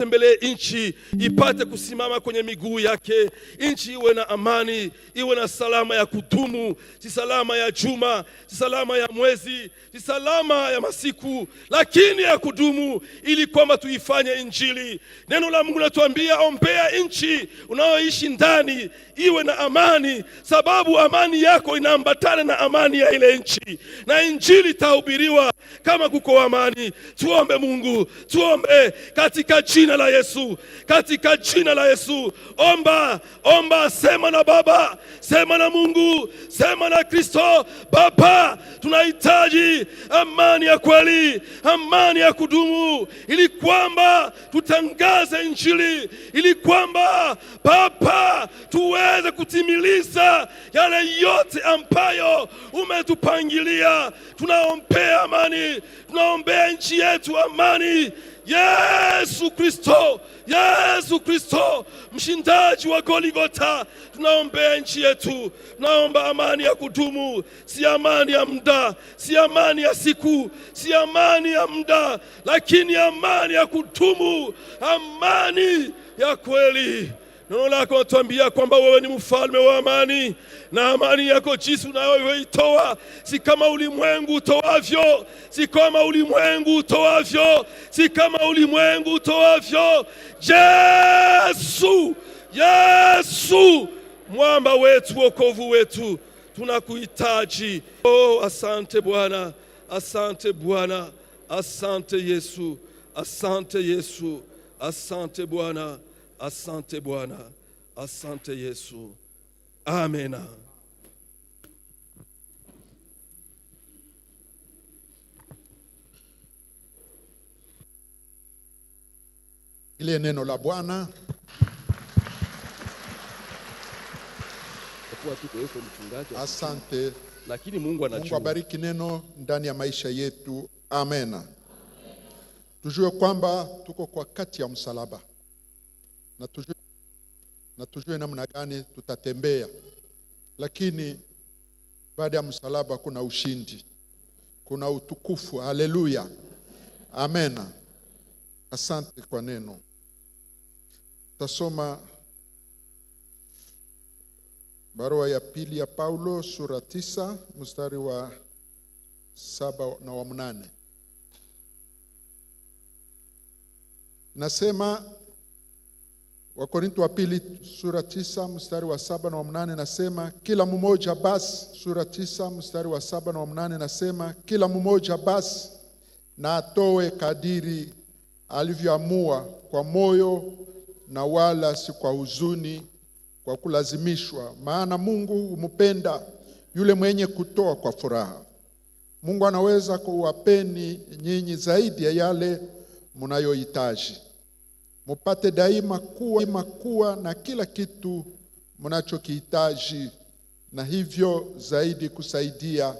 tembelee nchi ipate kusimama kwenye miguu yake, nchi iwe na amani, iwe na salama ya kudumu, si salama ya juma, si salama ya mwezi, si salama ya masiku, lakini ya kudumu, ili kwamba tuifanye Injili. Neno la Mungu linatuambia ombea nchi unayoishi ndani iwe na amani, sababu amani yako inaambatana na amani ya ile nchi, na Injili itahubiriwa kama kuko amani. Tuombe Mungu, tuombe katika jina jina la Yesu, katika jina la Yesu. Omba, omba, sema na Baba, sema na Mungu, sema na Kristo. Baba, tunahitaji amani ya kweli, amani ya kudumu, ili kwamba tutangaze Injili, ili kwamba Baba tuweze kutimiliza yale yote ambayo umetupangilia. Tunaombea amani, tunaombea nchi yetu amani. Yesu Kristo, Yesu Kristo, mshindaji wa Goligota, tunaombea nchi yetu. Tunaomba amani ya kudumu, si amani ya muda, si amani ya siku, si amani ya muda, lakini amani ya kudumu, amani ya kweli. Neno lako natuambia kwamba wewe ni mfalme wa amani, na amani yako jinsi unayoitoa si kama ulimwengu utoavyo, si kama ulimwengu utoavyo, si kama ulimwengu utoavyo. Yesu, Yesu, mwamba wetu, wokovu wetu, tunakuhitaji. Oh, asante Bwana, asante Bwana, asante Yesu, asante Yesu, asante Bwana. Asante Bwana, asante Yesu, Amen. Ile neno la Bwana asante. Lakini Mungu anajua. Mungu abariki neno ndani ya maisha yetu, Amen. Tujue kwamba tuko kwa kati ya msalaba na tujue, na tujue namna gani tutatembea, lakini baada ya msalaba kuna ushindi, kuna utukufu. Haleluya, amena. Asante kwa neno. Tasoma barua ya pili ya Paulo sura tisa mstari wa saba na wa mnane, nasema Wakorintho wa pili sura tisa mstari wa saba na wa mnane nasema kila mmoja basi. Sura tisa mstari wa saba na wa mnane nasema kila mmoja basi na atoe kadiri alivyoamua kwa moyo, na wala si kwa huzuni, kwa kulazimishwa, maana Mungu humupenda yule mwenye kutoa kwa furaha. Mungu anaweza kuwapeni nyinyi zaidi ya yale mnayohitaji mupate daima kuwa, daima kuwa na kila kitu mnachokihitaji na hivyo zaidi kusaidia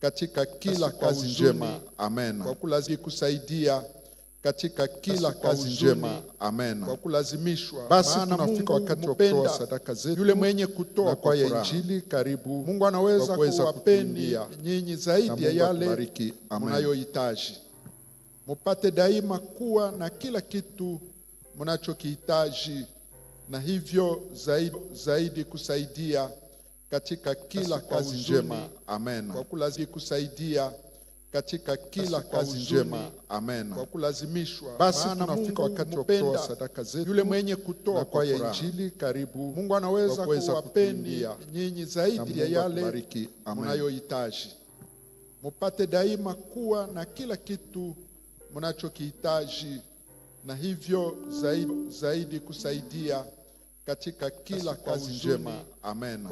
katika kila kazi njema. Amen. Kwa kulazimishwa kusaidia katika kila kazi njema. Amen. Kwa kulazimishwa. Basi tunafika wakati wa kutoa sadaka zetu. Yule mwenye kutoa kwa injili karibu, Mungu anaweza kuwapeni nyinyi zaidi ya yale mnayohitaji. Mupate daima kuwa na kila kitu mnachokihitaji na hivyo zaidi, zaidi kusaidia katika kila kazi njema. Amen. Kwa kulazimika kusaidia katika kila kazi njema. Amen. Kwa kulazimishwa. Basi tunafika wakati wa kutoa sadaka zetu. Yule mwenye kutoa kwa injili karibu Mungu anaweza kuwapeni nyinyi zaidi ya yale mnayohitaji, mupate daima kuwa na kila kitu mnachokihitaji na hivyo zaidi, zaidi kusaidia katika kila kazi njema. Amen.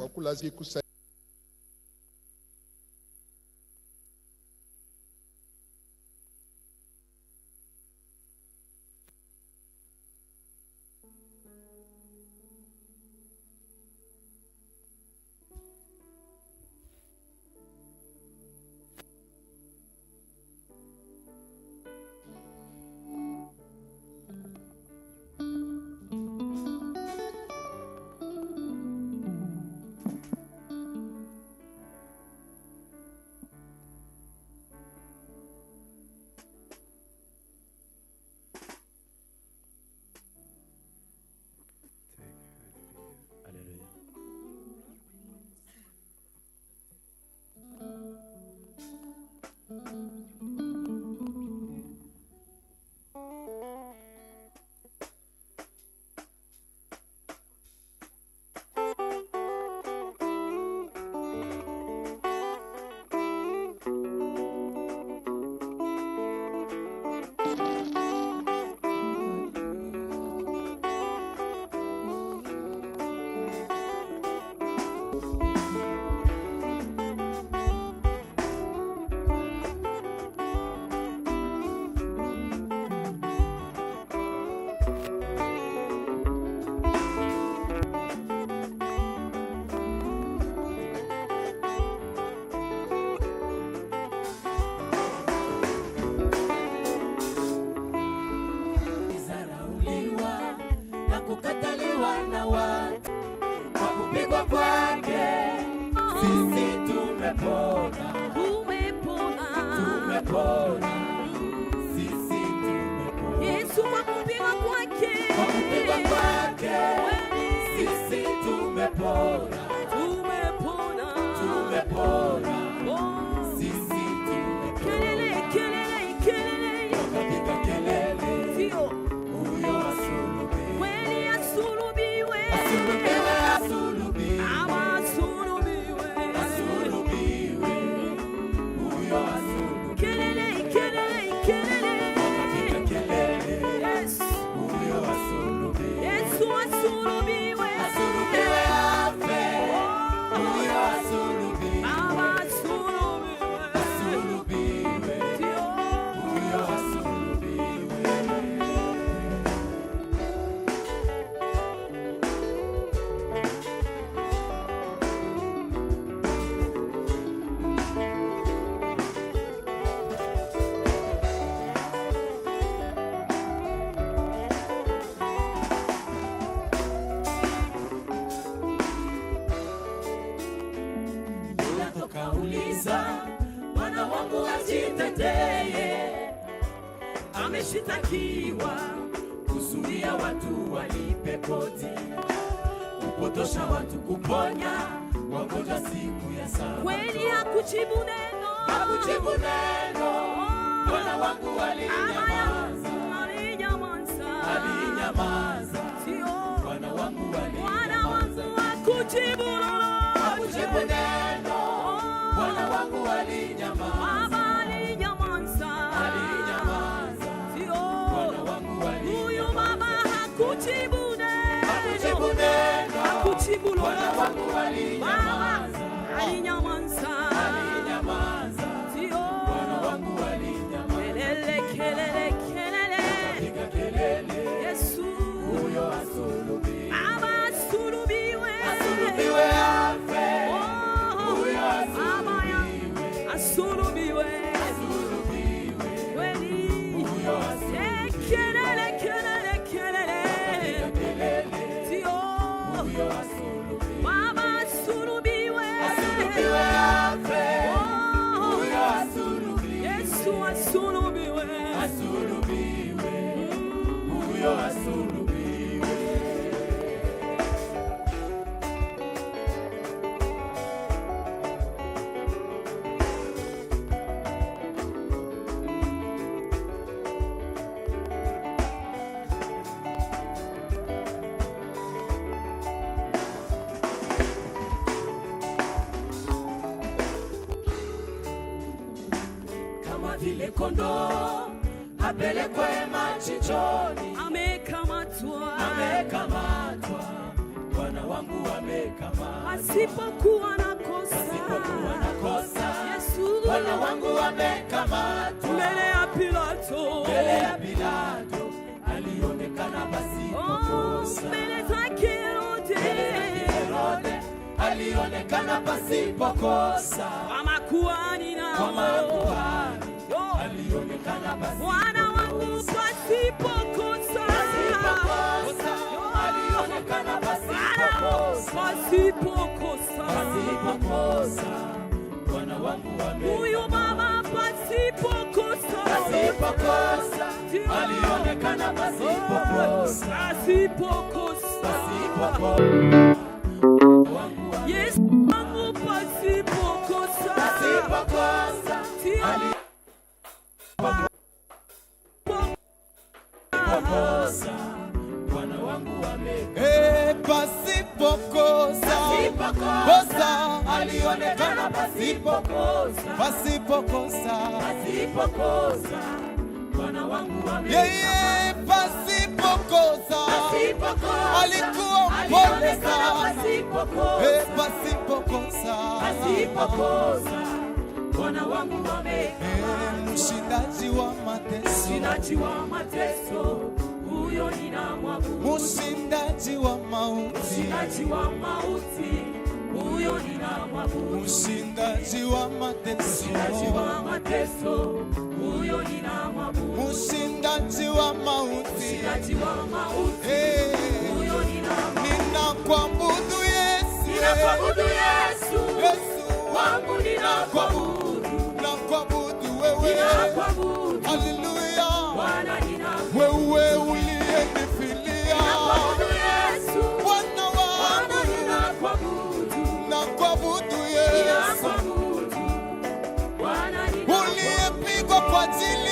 ameshitakiwa kuzuia watu walipe kodi, kupotosha watu, kuponya wagonjwa siku ya Sabato. Kweli hakujibu neno, hakujibu neno. Oh. Bwana wangu alinyamaza, alinyamaza, alinyamaza. Oh. Bwana wangu alinyamaza, hakujibu neno. Bwana wangu alinyamaza Mbulo, Bwana wangu alinyamaza, alinyamaza, alinyamaza. chinjoni, amekamatwa, amekamatwa, Bwana wangu amekamatwa, asipokuwa na kosa, asipokuwa na kosa, Yesu Bwana wangu amekamatwa, mbele ya Pilato, mbele ya Pilato alionekana basi oh, kosa, oh, mbele zake Herode alionekana basi kosa, kwa makuhani na kwa makuhani oh. alionekana basi Huyu mama pasipokosa alionekana pasipokosa. Yesu wangu pasipokosa makosa Bwana wangu wamekosa. Eh, pasipokosa kosa alionekana pasipokosa pasipokosa pasipokosa Bwana wangu wamekosa. Yeye pasipokosa alikuwa mpole sana eh, pasipokosa pasipokosa pasipokosa Bwana wangu wamekama, mshindaji wa mateso, mshindaji wa mateso, huyo ninamwabudu, mshindaji wa mauti, mshindaji wa mauti, huyo ninamwabudu, mshindaji wa mateso, mshindaji wa mateso, huyo ninamwabudu, mshindaji wa mauti, mshindaji wa mauti, eh. huyo ninamwabudu, ninakuabudu Yesu, ninakuabudu Yesu, Yesu wangu ninakuabudu ninakuabudu wewe, haleluya, wewe uliyenifilia Bwana wangu, nakuabudu Yesu uliyepigwa kwa ajili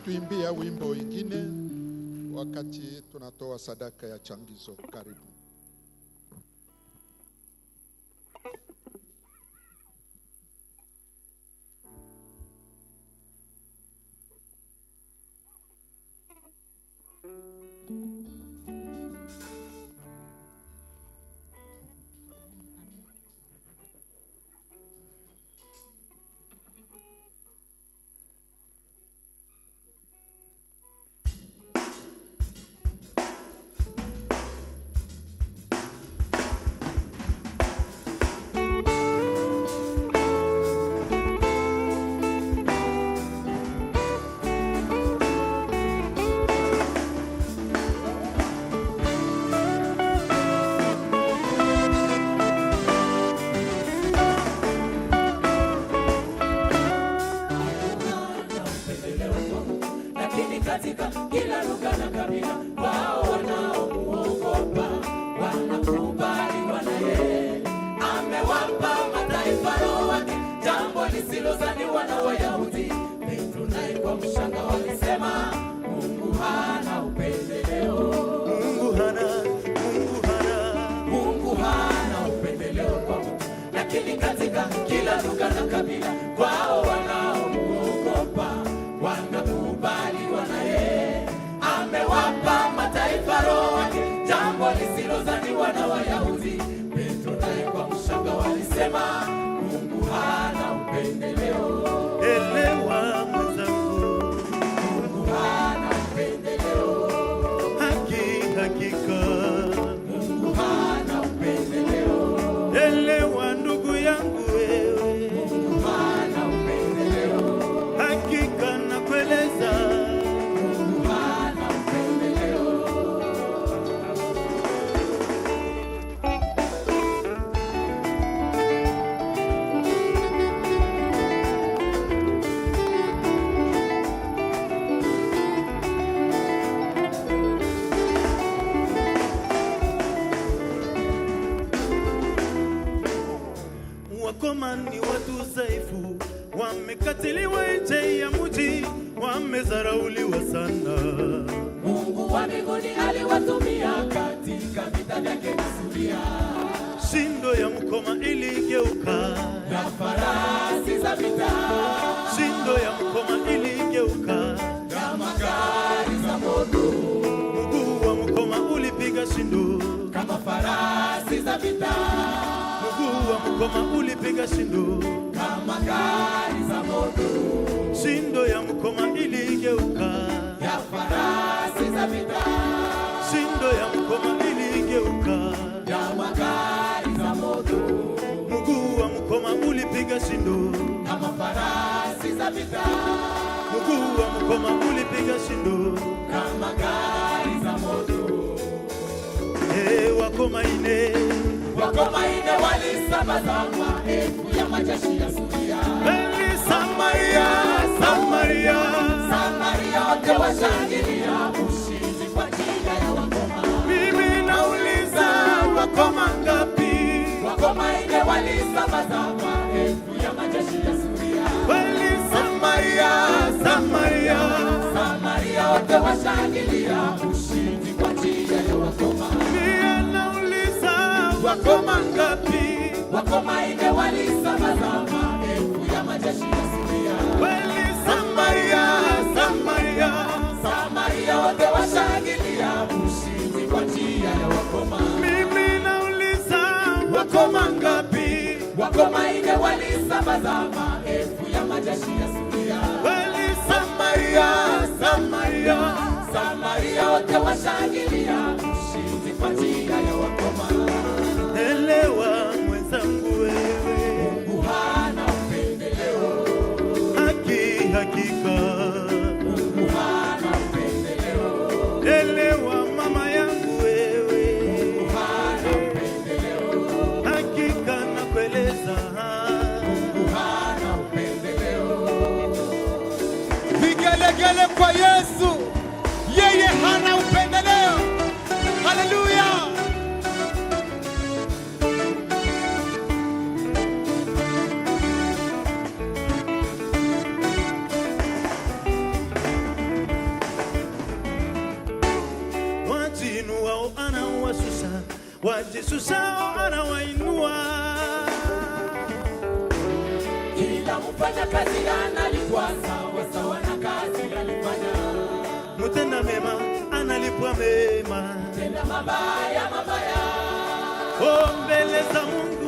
Atatuimbia wimbo ingine wakati tunatoa sadaka ya changizo. Karibu. wamezarauliwa sana. Mungu wa mbinguni aliwatumia katika vita vyake kusudia. Shindo ya mkoma iligeuka na farasi za vita. Shindo ya mkoma iligeuka na magari za moto. Mguu wa mkoma ulipiga shindo kama farasi za vita. Mguu wa mkoma Shindo ya mkoma iligeuka ya magari za moto, mguu wa mkoma ulipiga shindo kama farasi za vita, mguu wa mkoma ulipiga shindo kama magari za moto. Hey, wakoma ine wakoma ine walisambaza maelfu ya majeshi ya Suria, hey, Samaria, Samaria, Samaria wote washangilia ushindi wakoma ngapi? Wakoma ine walisambaza maelfu ya majeshi ya Suria, walisamaria Samaria, Samaria wote washangilia ushindi kwa njia ya wakoma. Mie nauliza wakoma ngapi? Wakoma ine walisambaza Wakawaida walisambaza maelfu ya majeshi ya Suria, Samaria, Samaria, Samaria wote washangilia Kengele kwa Yesu, yeye hana upendeleo. Haleluya! Wajinuwao anawasusa, wajisusao anawainua kila mfanya kazi analikwaza mutenda mema analipwa mema, tenda mabaya mabaya, ombeleza oh, Mungu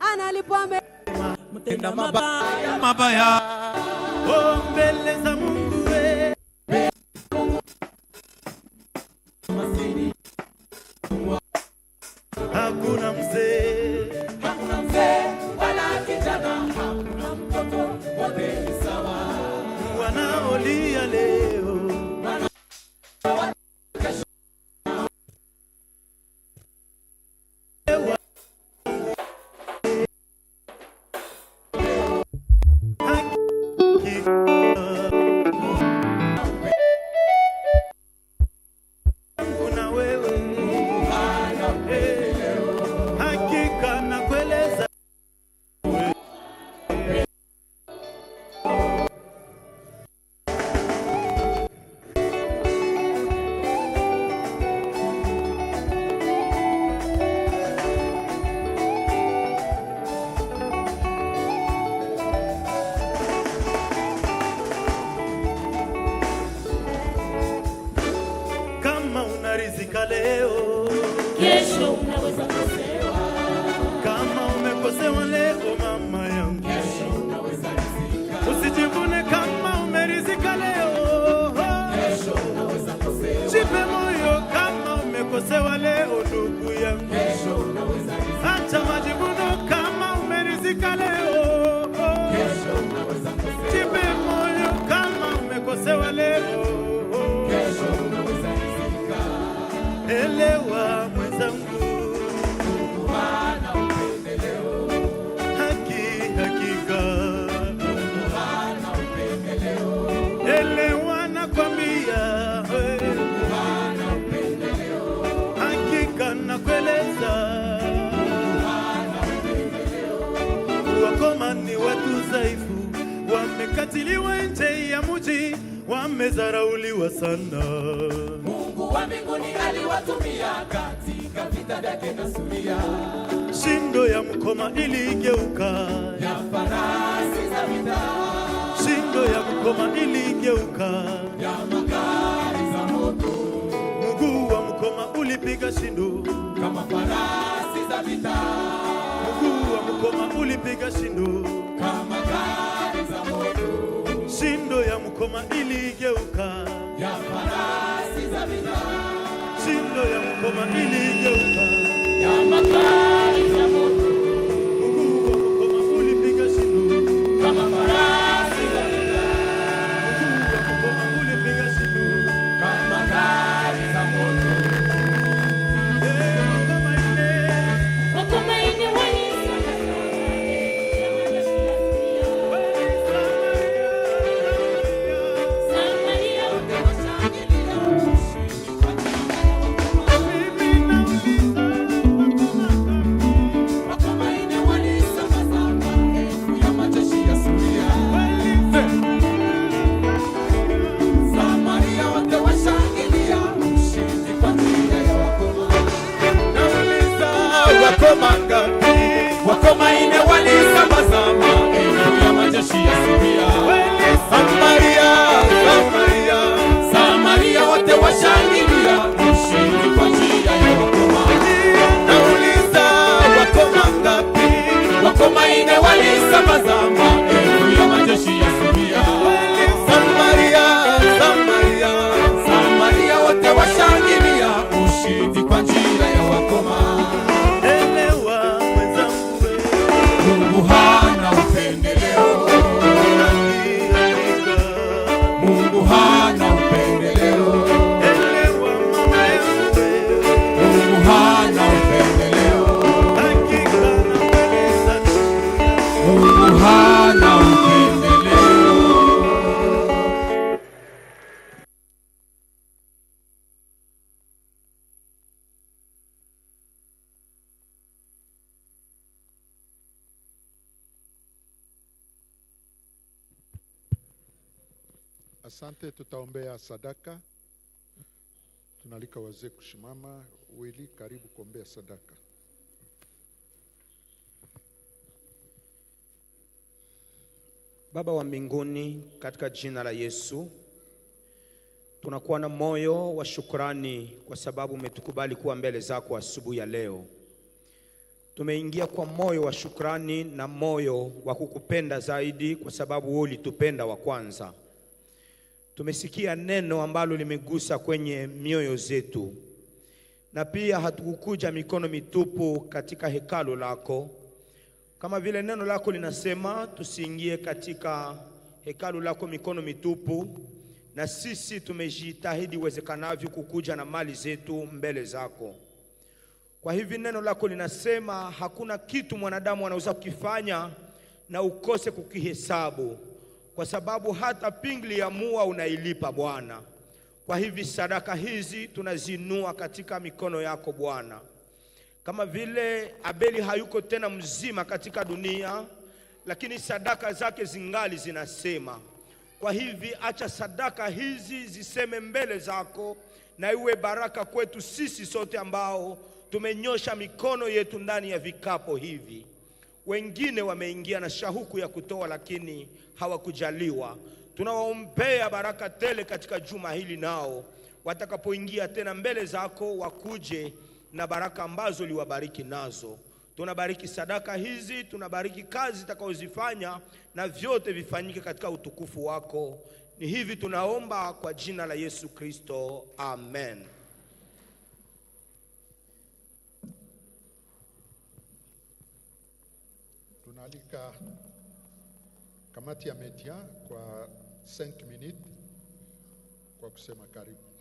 analipwa mtenda mabaya mabaya, oh, mbele za Mungu hakuna mzee hakuna mzee wala kijana hakuna mtoto, wote sawa wanaolia leo wamezarauliwa sana. Mungu wa mbinguni aliwatumia katika vita vyake na suria. Shingo ya mkoma iligeuka ya farasi za vita. Shingo ya mkoma iligeuka ya magari za moto. Mguu wa mkoma ulipiga shindu kama farasi za vita. Mguu wa mkoma ulipiga shindu ya mkoma iligeuka, ya farasi za vita, shingo ya mkoma ili Come girl. Asante, tutaombea sadaka. Tunalika wazee kushimama. Wili, karibu kuombea sadaka. Baba wa mbinguni, katika jina la Yesu tunakuwa na moyo wa shukrani kwa sababu umetukubali kuwa mbele zako asubuhi ya leo. Tumeingia kwa moyo wa shukrani na moyo wa kukupenda zaidi, kwa sababu wewe ulitupenda wa kwanza. Tumesikia neno ambalo limegusa kwenye mioyo zetu, na pia hatukukuja mikono mitupu katika hekalo lako kama vile neno lako linasema tusiingie katika hekalu lako mikono mitupu, na sisi tumejitahidi uwezekanavyo kukuja na mali zetu mbele zako. Kwa hivi neno lako linasema hakuna kitu mwanadamu anaweza kukifanya na ukose kukihesabu, kwa sababu hata pingli ya mua unailipa Bwana. Kwa hivi sadaka hizi tunazinua katika mikono yako Bwana kama vile Abeli hayuko tena mzima katika dunia, lakini sadaka zake zingali zinasema. Kwa hivi acha sadaka hizi ziseme mbele zako, na iwe baraka kwetu sisi sote ambao tumenyosha mikono yetu ndani ya vikapo hivi. Wengine wameingia na shauku ya kutoa, lakini hawakujaliwa. Tunawaombea baraka tele katika juma hili, nao watakapoingia tena mbele zako wakuje na baraka ambazo uliwabariki nazo. Tunabariki sadaka hizi, tunabariki kazi zitakazozifanya na vyote vifanyike katika utukufu wako. Ni hivi tunaomba kwa jina la Yesu Kristo, amen. Tunaalika kamati ya media kwa 5 minutes kwa kusema karibu.